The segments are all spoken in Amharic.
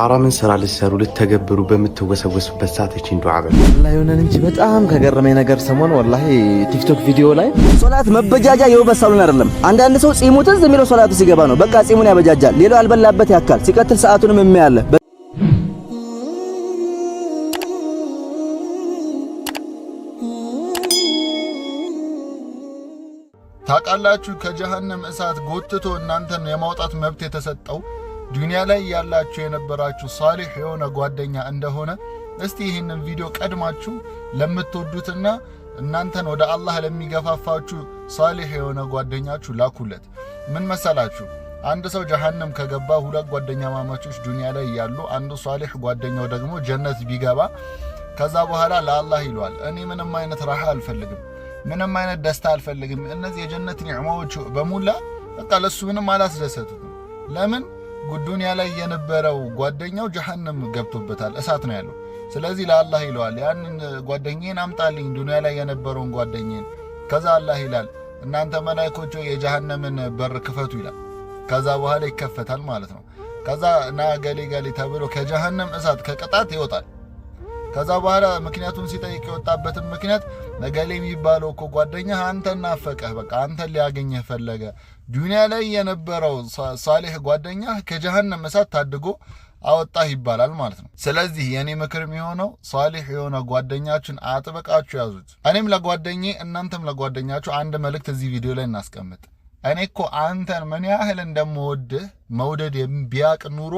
ሐራምን ስራ ልትሰሩ ልተገብሩ በምትወሰወሱበት ሰዓት ይችን ዱዓ በሉ። ወላሂ ሆነን እንጂ በጣም ከገረመኝ ነገር ሰሞን ወላሂ ቲክቶክ ቪዲዮ ላይ ሶላት መበጃጃ የውበሳሉን አይደለም። አንዳንድ ሰው ጺሙ ትዝ የሚለው ሶላቱ ሲገባ ነው። በቃ ጺሙን ያበጃጃል። ሌላው ያልበላበት ያካል። ሲቀጥል ሰዓቱንም የሚያለ ታውቃላችሁ። ከጀሃነም እሳት ጎትቶ እናንተን የማውጣት መብት የተሰጠው ዱንያ ላይ ያላችሁ የነበራችሁ ሳሊሕ የሆነ ጓደኛ እንደሆነ እስቲ ይህንን ቪዲዮ ቀድማችሁ ለምትወዱትና እናንተን ወደ አላህ ለሚገፋፋችሁ ሳሊሕ የሆነ ጓደኛችሁ ላኩለት። ምን መሰላችሁ? አንድ ሰው ጀሃነም ከገባ ሁለት ጓደኛ ማማቾች ዱንያ ላይ ያሉ፣ አንዱ ሳሊሕ ጓደኛው ደግሞ ጀነት ቢገባ ከዛ በኋላ ለአላህ ይሏል፣ እኔ ምንም አይነት ራሃ አልፈልግም፣ ምንም አይነት ደስታ አልፈልግም። እነዚህ የጀነት ኒዕማዎች በሙላ በቃ ለሱ ምንም አላስደሰቱትም። ለምን ዱንያ ላይ የነበረው ጓደኛው ጀሀነም ገብቶበታል፣ እሳት ነው ያለው። ስለዚህ ለአላህ ይለዋል ያንን ጓደኛዬን አምጣልኝ፣ ዱንያ ላይ የነበረውን ጓደኛዬን። ከዛ አላህ ይላል እናንተ መላይኮቹ የጀሀነምን በር ክፈቱ ይላል። ከዛ በኋላ ይከፈታል ማለት ነው። ከዛ ና ገሌ ገሌ ተብሎ ከጀሀነም እሳት ከቅጣት ይወጣል። ከዛ በኋላ ምክንያቱን ሲጠይቅ የወጣበትን ምክንያት ነገሌ የሚባለው እኮ ጓደኛህ አንተን ናፈቀህ፣ በቃ አንተን ሊያገኘህ ፈለገ። ዱኒያ ላይ የነበረው ሳሌህ ጓደኛህ ከጀሀነም እሳት ታድጎ አወጣህ ይባላል ማለት ነው። ስለዚህ የእኔ ምክር የሚሆነው ሳሌሕ የሆነ ጓደኛችን አጥብቃችሁ ያዙት። እኔም ለጓደኜ እናንተም ለጓደኛችሁ አንድ መልእክት እዚህ ቪዲዮ ላይ እናስቀምጥ። እኔ እኮ አንተን ምን ያህል እንደምወድህ መውደድ ቢያቅ ኑሮ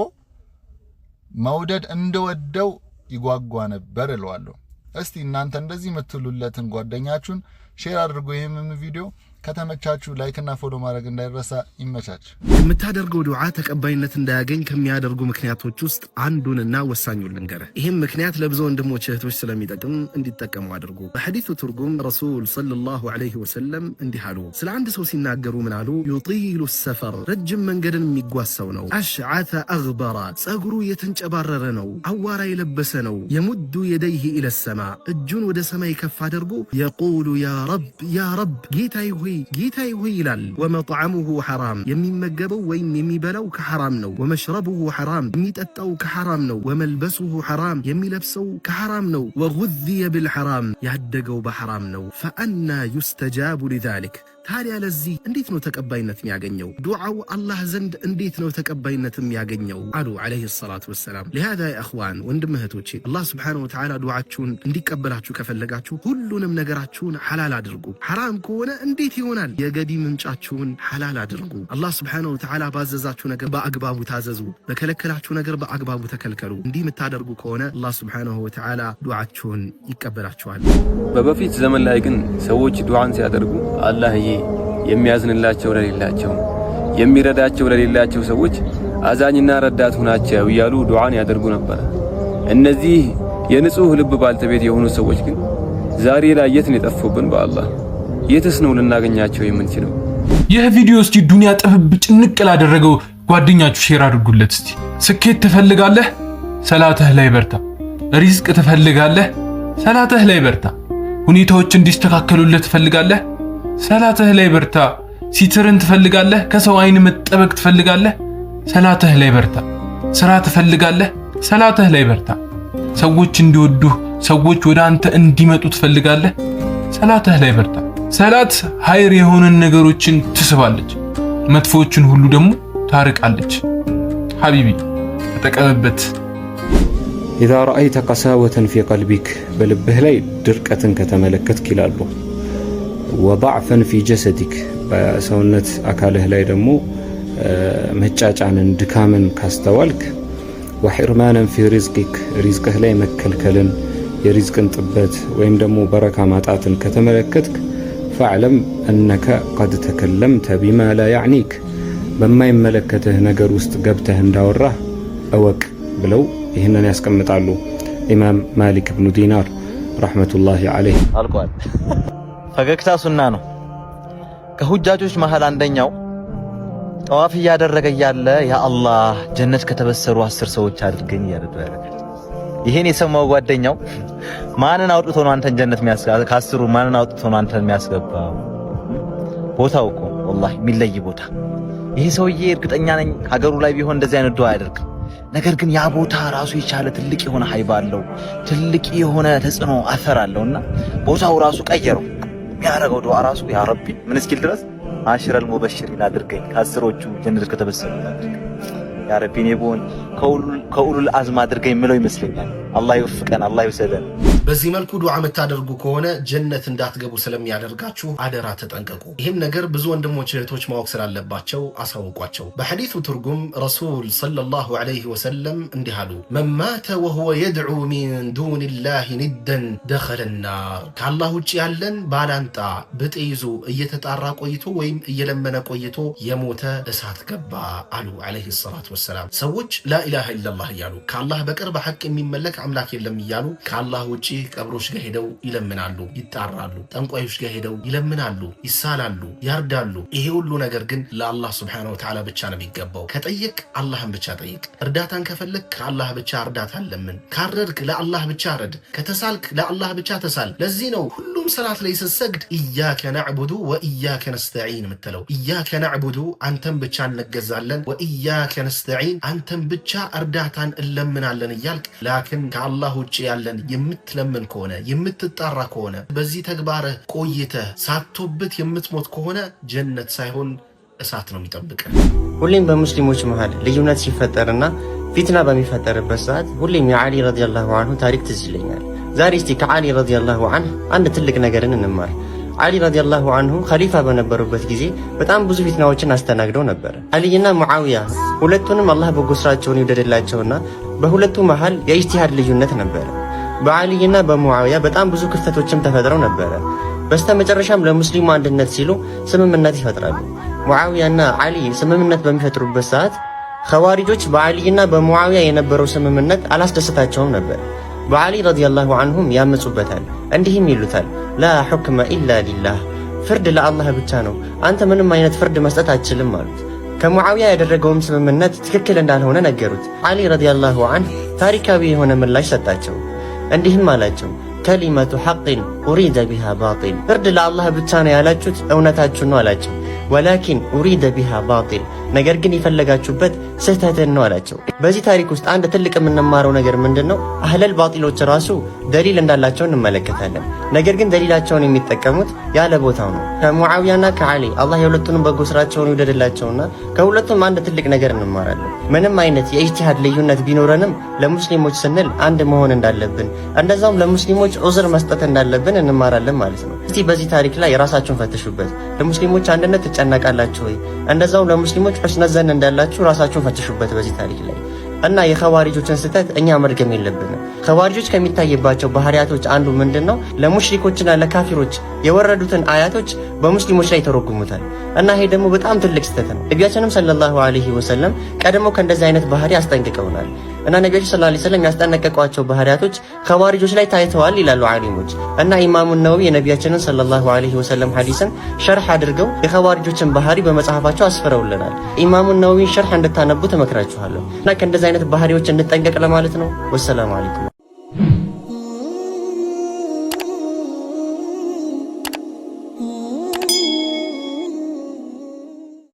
መውደድ እንደወደው ይጓጓ ነበር እለዋለሁ። እስቲ እናንተ እንደዚህ የምትሉለትን ጓደኛችሁን ሼር አድርጎ ይህም ቪዲዮ ከተመቻችሁ ላይክና ፎሎ ማድረግ እንዳይረሳ። ይመቻች። የምታደርገው ዱዓ ተቀባይነት እንዳያገኝ ከሚያደርጉ ምክንያቶች ውስጥ አንዱንና ወሳኙን ልንገረ። ይህም ምክንያት ለብዙ ወንድሞች እህቶች ስለሚጠቅም እንዲጠቀሙ አድርጉ። በሐዲቱ ትርጉም ረሱል ሰለላሁ ዐለይሂ ወሰለም እንዲህ አሉ። ስለ አንድ ሰው ሲናገሩ ምን አሉ? ዩጢሉ ሰፈር ረጅም መንገድን የሚጓዝ ሰው ነው። አሽዓተ አግበራ ጸጉሩ የተንጨባረረ ነው። አዋራ የለበሰ ነው። የሙዱ የደይህ ኢለሰማ እጁን ወደ ሰማይ ከፍ አድርጎ የቁሉ ያ ረብ ያ ረብ ጌታዬ ሆይ ጌታዬ ሆይ ይላል። ወመጥዓሙሁ ሐራም የሚመገበው ወይም የሚበላው ከሐራም ነው። ወመሽረቡሁ ሐራም የሚጠጣው ከሐራም ነው። ወመልበሱሁ ሐራም የሚለብሰው ከሐራም ነው። ወጉዝየ ብልሐራም ያደገው በሐራም ነው። ፈአና ዩስተጃቡ ሊዛሊክ ታዲያ ለዚህ እንዴት ነው ተቀባይነት የሚያገኘው? ዱዓው አላህ ዘንድ እንዴት ነው ተቀባይነት የሚያገኘው? አሉ ዓለይሂ ሰላቱ ወሰላም። ለሃዳ እኽዋን ወንድም እህቶቼ፣ አላህ ስብሓነሁ ወተዓላ ዱዓችሁን እንዲቀበላችሁ ከፈለጋችሁ ሁሉንም ነገራችሁን ሐላል አድርጉ። ሐራም ከሆነ እንዴት ይሆናል? የገቢ ምንጫችሁን ሐላል አድርጉ። አላህ ስብሓነሁ ወተዓላ ባዘዛችሁ ነገር በአግባቡ ታዘዙ፣ በከለከላችሁ ነገር በአግባቡ ተከልከሉ። እንዲህ የምታደርጉ ከሆነ አላህ ስብሓነሁ ወተዓላ ዱዓችሁን ይቀበላችኋል። በበፊት ዘመን ላይ ግን ሰዎች ዱዓን ሲያደርጉ አላህ የሚያዝንላቸው ለሌላቸው፣ የሚረዳቸው ለሌላቸው ሰዎች አዛኝና ረዳት ሁናቸው እያሉ ዱዓን ያደርጉ ነበር። እነዚህ የንጹህ ልብ ባልተቤት የሆኑ ሰዎች ግን ዛሬ ላይ የት ነው የጠፉብን? በአላህ የትስ ነው ልናገኛቸው የምንችለው? ይህ ቪዲዮ እስቲ ዱንያ ጥብብ ጭንቅ ላደረገው ጓደኛችሁ ሼር አድርጉለት። እስቲ ስኬት ትፈልጋለህ? ሰላተህ ላይ በርታ። ሪዝቅ ትፈልጋለህ? ሰላተህ ላይ በርታ። ሁኔታዎች እንዲስተካከሉለት ትፈልጋለህ? ሰላትህ ላይ በርታ። ሲትርን ትፈልጋለህ፣ ከሰው አይን መጠበቅ ትፈልጋለህ፣ ሰላትህ ላይ በርታ። ስራ ትፈልጋለህ፣ ሰላትህ ላይ በርታ። ሰዎች እንዲወዱህ፣ ሰዎች ወደ አንተ እንዲመጡ ትፈልጋለህ፣ ሰላትህ ላይ በርታ። ሰላት ሀይር የሆነን ነገሮችን ትስባለች፣ መጥፎዎችን ሁሉ ደግሞ ታርቃለች። ሀቢቢ ተጠቀምበት። ኢዛ ረአይተ ቀሳወተን ፊ ቀልቢክ በልብህ ላይ ድርቀትን ከተመለከትክ ይላሉ ወضዕፈን ፊ ጀሰዲክ በሰውነት አካልህ ላይ ደግሞ መጫጫንን ድካምን ካስተዋልክ ወሒርማነን ፊ ሪዝቅክ ሪዝቅህ ላይ መከልከልን የሪዝቅን ጥበት ወይም ደግሞ በረካ ማጣትን ከተመለከትክ ፈዕለም እነከ ቀድ ተከለምተ ቢማ ላ ያዕኒክ በማይመለከትህ ነገር ውስጥ ገብተህ እንዳወራህ እወቅ ብለው ይህንን ያስቀምጣሉ ኢማም ማሊክ ብኑ ዲናር ረሕመቱላሂ ዓለይህ አልቋል። ፈገግታ ሱና ነው። ከሁጃጆች መሃል አንደኛው ጠዋፍ እያደረገ እያለ ያ አላህ ጀነት ከተበሰሩ አስር ሰዎች አድርገኝ እያለ ዱዓ ያደርጋል። ይሄን የሰማው ጓደኛው ማንን አውጥቶ ነው አንተን ጀነት የሚያስገባ? ከአስሩ ማንን አውጥቶ ነው አንተን የሚያስገባ? ቦታው እኮ ወላሂ የሚለይ ቦታ። ይሄ ሰውዬ እርግጠኛ ነኝ ሀገሩ ላይ ቢሆን እንደዚህ አይነት ዱዓ አያደርግም። ነገር ግን ያ ቦታ ራሱ የቻለ ትልቅ የሆነ ሀይባ አለው፣ ትልቅ የሆነ ተጽዕኖ አፈር አለውና ቦታው ራሱ ቀየረው። የሚያደርገው ዱዓ ራሱ ያ ረቢ ምን እስኪል ድረስ አሽረል ሙበሽሪን አድርገኝ፣ ከአስሮቹ ጀነት ከተበሰሩ አድርገኝ ያ ረቢ እኔ ብሆን ከኡሉል አዝም አድርገኝ ምለው ይመስለኛል። አላህ ይወፍቀን፣ አላህ ይውሰደን። በዚህ መልኩ ዱዓ የምታደርጉ ከሆነ ጀነት እንዳትገቡ ስለሚያደርጋችሁ አደራ ተጠንቀቁ። ይህም ነገር ብዙ ወንድሞች እህቶች ማወቅ ስላለባቸው አሳውቋቸው። በሐዲቱ ትርጉም ረሱል ሰለላሁ ዐለይሂ ወሰለም እንዲህ አሉ፣ መማተ ወሁወ የድዑ ሚን ዱንላህ ንደን ደኸለ ናር። ከአላህ ውጭ ያለን ባላንጣ ብጤ ይዞ እየተጣራ ቆይቶ ወይም እየለመነ ቆይቶ የሞተ እሳት ገባ አሉ ዐለይሂ ሰላቱ ወሰላም። ሰዎች ላኢላሃ ኢለላህ እያሉ ከአላህ በቀር በሐቅ የሚመለክ አምላክ የለም እያሉ ከአላህ ውጭ ሺህ ቀብሮች ጋር ሄደው ይለምናሉ፣ ይጣራሉ። ጠንቋዮች ጋር ሄደው ይለምናሉ፣ ይሳላሉ፣ ያርዳሉ። ይሄ ሁሉ ነገር ግን ለአላህ ስብሐነሁ ወተዓላ ብቻ ነው የሚገባው። ከጠየቅ አላህን ብቻ ጠይቅ። እርዳታን ከፈለግ ከአላህ ብቻ እርዳታን ለምን። ካረድክ ለአላህ ብቻ ረድ። ከተሳልክ ለአላህ ብቻ ተሳል። ለዚህ ነው ሁሉም ሰላት ላይ ስትሰግድ እያከ ናዕቡዱ ወእያከ ነስተዒን የምትለው። እያከ ናዕቡዱ አንተን ብቻ እንገዛለን፣ ወእያከ ነስተዒን አንተን ብቻ እርዳታን እለምናለን እያልክ ላክን ከአላህ ውጭ ያለን የምትለ የምትለምን ከሆነ የምትጣራ ከሆነ በዚህ ተግባርህ ቆይተህ ሳቶበት የምትሞት ከሆነ ጀነት ሳይሆን እሳት ነው የሚጠብቅ። ሁሌም በሙስሊሞች መሀል ልዩነት ሲፈጠርና ፊትና በሚፈጠርበት ሰዓት ሁሌም የዓሊ ረዲየላሁ አንሁ ታሪክ ትዝ ይለኛል። ዛሬ እስቲ ከዓሊ ረዲየላሁ አንሁ አንድ ትልቅ ነገርን እንማር። ዓሊ ረዲየላሁ አንሁ ኸሊፋ በነበሩበት ጊዜ በጣም ብዙ ፊትናዎችን አስተናግደው ነበር። አልይና ሙዓዊያ ሁለቱንም አላህ በጎ ስራቸውን ይውደድላቸውና በሁለቱ መሃል የኢጅቲሃድ ልዩነት ነበረ። በአልይና በሙዓዊያ በጣም ብዙ ክፍተቶችም ተፈጥረው ነበረ። በስተመጨረሻም ለሙስሊሙ አንድነት ሲሉ ስምምነት ይፈጥራሉ። ሙዓዊያና አሊ ስምምነት በሚፈጥሩበት ሰዓት ኸዋሪጆች በአሊይና በሙዓዊያ የነበረው ስምምነት አላስደሰታቸውም ነበር። በአሊ ረዲየላሁ አንሁም ያመፁበታል። እንዲህም ይሉታል፣ ላ ሑክመ ኢላ ሊላህ፣ ፍርድ ለአላህ ብቻ ነው፣ አንተ ምንም አይነት ፍርድ መስጠት አትችልም አሉት። ከሙዓዊያ ያደረገውም ስምምነት ትክክል እንዳልሆነ ነገሩት። አሊ ረዲየላሁ አንህ ታሪካዊ የሆነ ምላሽ ሰጣቸው። እንዲህም አላቸው ከሊመቱ ሐቅን ኡሪደ ቢሃ ባጢል ፍርድ ለአላህ ብቻ ነው ያላችሁት እውነታችሁ ነው አላቸው። ወላኪን ኡሪደ ቢሃ ባጢል ነገር ግን የፈለጋችሁበት ስህተትን ነው አላቸው። በዚህ ታሪክ ውስጥ አንድ ትልቅ የምንማረው ነገር ምንድን ነው? አህለል ባጢሎች ራሱ ደሊል እንዳላቸው እንመለከታለን። ነገር ግን ደሊላቸውን የሚጠቀሙት ያለ ቦታው ነው። ከሙዓዊያና ከአሊ አላህ የሁለቱንም በጎ ስራቸውን ይውደድላቸውና ከሁለቱም አንድ ትልቅ ነገር እንማራለን። ምንም አይነት የኢጅቲሃድ ልዩነት ቢኖረንም ለሙስሊሞች ስንል አንድ መሆን እንዳለብን፣ እንደዛውም ለሙስሊሞች ዑዝር መስጠት እንዳለብን እንማራለን ማለት ነው። እስቲ በዚህ ታሪክ ላይ ራሳችሁን ፈትሹበት። ለሙስሊሞች አንድነት ትጨነቃላችሁ ወይ? እንደዛውም ለሙስሊሞች መዝነዘን እንዳላችሁ ራሳችሁን ፈትሹበት በዚህ ታሪክ ላይ እና የኸዋሪጆችን ስህተት እኛ መድገም የለብንም። ኸዋሪጆች ከሚታይባቸው ባህሪያቶች አንዱ ምንድን ነው? ለሙሽሪኮችና ለካፊሮች የወረዱትን አያቶች በሙስሊሞች ላይ ተረጉሙታል እና ይሄ ደግሞ በጣም ትልቅ ስህተት ነው። ነቢያችንም ሰለላሁ ዐለይሂ ወሰለም ቀድሞ ከእንደዚህ አይነት ባህሪ አስጠንቅቀውናል። እና ነቢያችን ሰለላሁ ዐለይሂ ወሰለም ያስጠነቀቋቸው ባህሪያቶች ከዋሪጆች ላይ ታይተዋል ይላሉ ዓሊሞች። እና ኢማሙ ነወዊ የነቢያችንን ሰለላሁ ዐለይሂ ወሰለም ሐዲስን ሸርሕ አድርገው የኸዋሪጆችን ባህሪ በመጽሐፋቸው አስፍረውልናል። ኢማሙ ነወዊን ሸርሕ እንድታነቡ ተመክራችኋለሁ። እና ከእንደዚህ አይነት ባህሪዎች እንጠንቀቅ ለማለት ነው። ወሰላሙ ዐለይኩም።